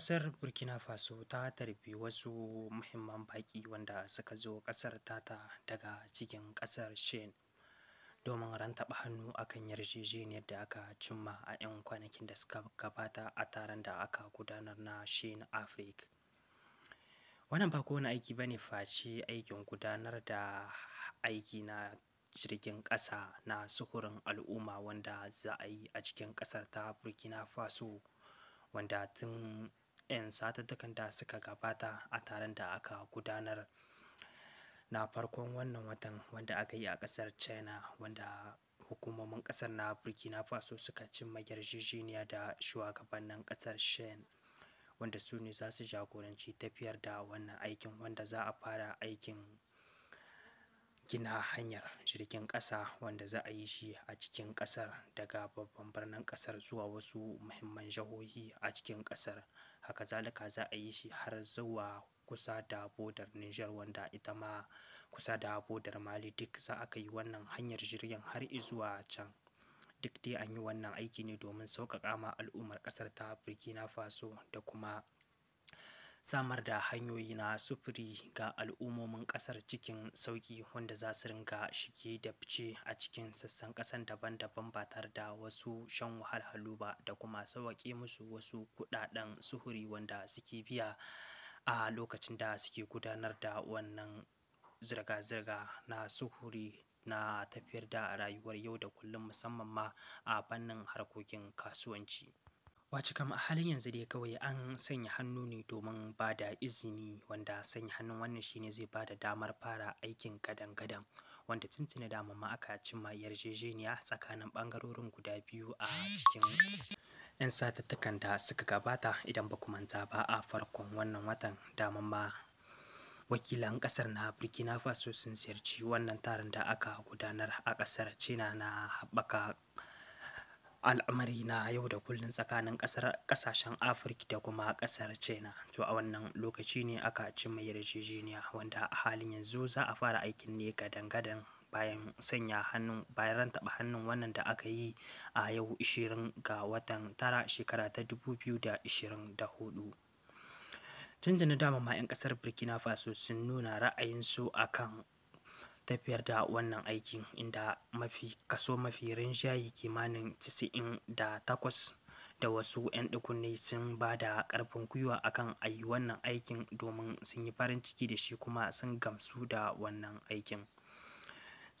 Ƙasar Burkina Faso ta tarbi wasu muhimman baƙi wanda suka zo ƙasar tata daga cikin ƙasar Shen domin ran rantaɓa hannu akan yarjejeniyar da aka cimma a 'yan kwanakin da suka gabata a taron da aka gudanar na Shen Africa. Wannan ba kowane aiki ba ne face aikin gudanar da aiki na jirgin ƙasa na sufurin al'umma wanda za a yi a cikin ƙasar ta Burkina Faso. wanda tun 'yan satuttukan da suka gabata a taron da aka gudanar na farkon wannan watan wanda aka yi a kasar china wanda hukumomin kasar na burkina faso suka cimma yarjejeniya da shugabannin ƙasar shen wanda su ne za su jagoranci tafiyar da wannan aikin wanda za a fara aikin gina hanyar jirgin ƙasa wanda za a yi shi a cikin ƙasar daga babban birnin ƙasar zuwa wasu muhimman jihohi a cikin ƙasar haka zalika za a yi shi har zuwa kusa da bodar Nijar wanda ita ma kusa da bodar Mali duk za a yi wannan hanyar jirgin har izuwa can duk dai an yi wannan aiki ne domin sauƙaƙa ma al'ummar ƙasar ta Burkina Faso da kuma samar da hanyoyi na sufuri ga al'ummomin ƙasar cikin sauƙi wanda za su ringa shige da fice a cikin sassan ƙasan daban-daban ba tare da wasu shan wahalhalu ba da kuma sauwaƙe musu wasu kuɗaɗen suhuri wanda suke biya a lokacin da suke gudanar da wannan zirga-zirga na suhuri na tafiyar da rayuwar yau da kullum musamman ma a fannin harkokin kasuwanci Wace kam a halin yanzu dai kawai an sanya hannu ne domin ba da izini wanda sanya hannun wannan ne zai ba da damar fara aikin gadan-gadan wanda tuntuni dama ma aka cimma yarjejeniya tsakanin bangarorin guda biyu a cikin 'yan satattukan da suka gabata idan ba manta ba a farkon wannan watan dama ma wakilan kasar na burkina faso sun ziyarci wannan taron da aka gudanar a kasar china na haɓaka al'amari na yau da kullun tsakanin kasar kasashen afirka da kuma kasar china to a wannan lokaci ne aka cimma yarjejeniya wanda a halin yanzu za a fara aikin ne ga dangadan bayan sanya hannun bayan taɓa hannun wannan da aka yi a yau 20 ga watan tara shekara ta 2024 jinjina dama ma 'yan kasar burkina faso sun nuna ra'ayinsu akan tafiyar da wannan aikin inda mafi kaso mafi rinjaye kimanin 98 da wasu 'yan ɗikunne sun ba da karfin gwiwa akan ayi wannan aikin domin sun yi farin ciki da shi kuma sun gamsu da wannan aikin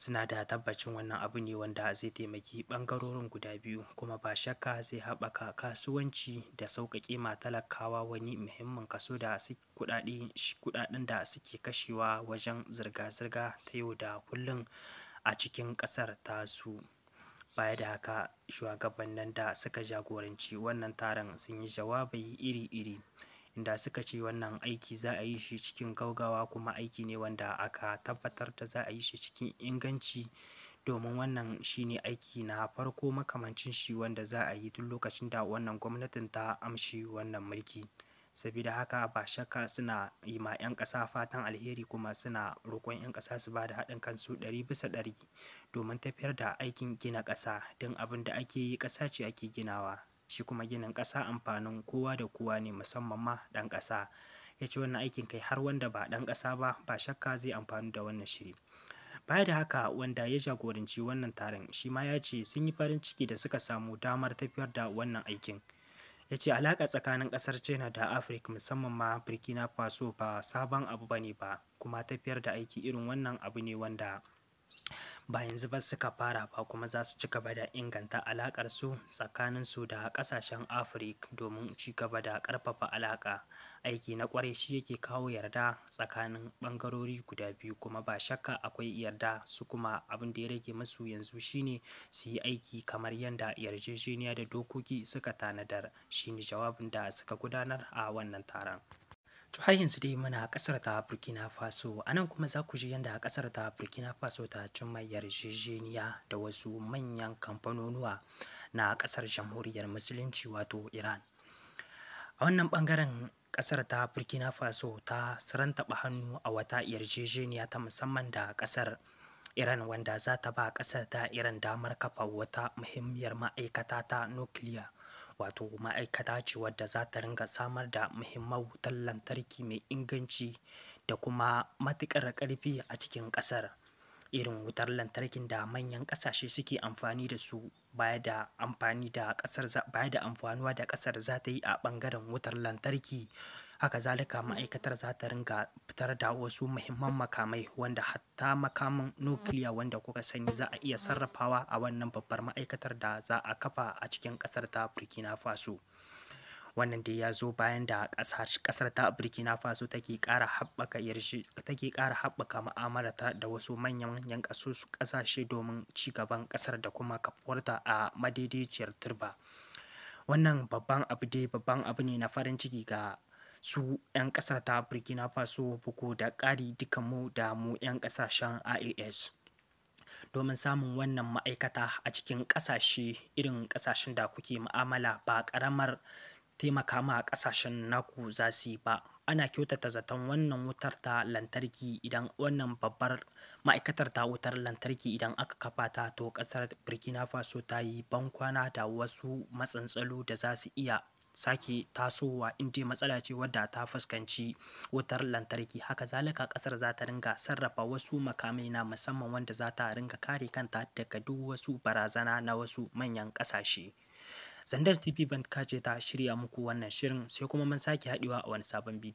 suna da tabbacin wannan abu ne wanda zai taimaki ɓangarorin guda biyu kuma ba shakka zai haɓaka kasuwanci da sauƙaƙe ma talakawa wani muhimmin kaso da kuɗaɗen da suke kashewa wajen zirga-zirga ta yau da kullum a cikin ƙasar ta su baya da haka shugabannin da suka jagoranci wannan taron sun yi jawabai iri-iri inda suka ce wannan aiki za a yi shi cikin gaugawa kuma aiki ne wanda aka tabbatar da za a yi shi cikin inganci domin wannan shi ne aiki na farko makamancin shi wanda za a yi tun lokacin da wannan gwamnatin ta amshi wannan mulki sabida haka ba shakka suna yi ma 'yan ƙasa fatan alheri kuma suna roƙon 'yan ƙasa su ba da haɗin kansu ɗari bisa ɗari domin tafiyar da aikin gina ƙasa don abin da ake yi ƙasa ce ake ginawa shi kuma ginin ƙasa amfanin kowa da kowa ne musamman ma ɗan ƙasa ya ce wannan aikin kai har wanda ba ɗan ƙasa ba ba shakka zai amfani da wannan shiri baya da haka wanda ya jagoranci wannan taron shi ma ya ce sun yi farin ciki da suka samu damar tafiyar da wannan aikin ya ce alaƙa tsakanin ƙasar china da afirka musamman ma burkina faso ba sabon abu ba ne ba kuma tafiyar da aiki irin wannan abu ne wanda ba yanzu ba suka fara ba kuma za su ci gaba da inganta alaƙar su tsakanin su da ƙasashen Afirka domin ci gaba da ƙarfafa alaƙa. Aiki na ƙwarai shi yake kawo yarda tsakanin ɓangarori guda biyu kuma ba shakka akwai yarda su kuma abin da ya rage masu yanzu shine su yi aiki kamar yadda yarjejeniya da dokoki suka tanadar shine jawabin da suka gudanar a wannan taron. To har yanzu dai muna kasar ta Burkina Faso, a nan kuma za ku ji yadda kasar ta Burkina Faso ta cimma yarjejeniya da wasu manyan kamfanonuwa na kasar jamhuriyar musulunci wato Iran. A wannan bangaren kasar ta Burkina Faso ta sarantaba hannu a wata yarjejeniya ta musamman da kasar Iran wanda za ta ba kasar ta Iran damar kafa wata muhimmiyar ma'aikata ta nukiliya. wato ma'aikata ce wadda za ta ringa samar da muhimman wutar lantarki mai inganci da kuma matuƙar ƙarfi a cikin ƙasar irin wutar lantarkin da manyan ƙasashe suke amfani da su baya da amfani da ƙasar baya da amfanuwa da ƙasar za ta yi a ɓangaren wutar lantarki haka zalika ma'aikatar za ta ringa fitar da wasu muhimman makamai wanda hatta makamin nukiliya wanda kuka sani za a iya sarrafawa a wannan babbar ma'aikatar da za a kafa a cikin kasar ta burkina faso wannan dai ya zo bayan da kasar ta burkina faso take kara haɓaka take ƙara da wasu manyan yan ƙasashe domin ci gaban ƙasar da kuma kafuwarta a madaidaiciyar turba wannan babban abu dai babban abu ne na farin ciki ga su 'yan kasar ta burkina faso bugu da ƙari mu da mu 'yan kasashen ias domin samun wannan ma'aikata a cikin ƙasashe irin ƙasashen da kuke ma'amala ba ƙaramar taimaka ma ƙasashen naku za su yi ba ana kyautata zaton wannan wutar ta lantarki idan wannan babbar ma'aikatar ta wutar lantarki idan aka kafa ta to ƙasar burkina faso ta yi bankwana da wasu matsantsalo da za su iya sake tasowa in dai matsala ce wadda ta fuskanci wutar lantarki haka zalaka kasar za ta ringa sarrafa wasu makamai na musamman wanda za ta ringa kare kanta daga duk wasu barazana na wasu manyan kasashe Zandar TV Band ce ta shirya muku wannan shirin sai kuma mun sake haɗewa a wani sabon bidiyo.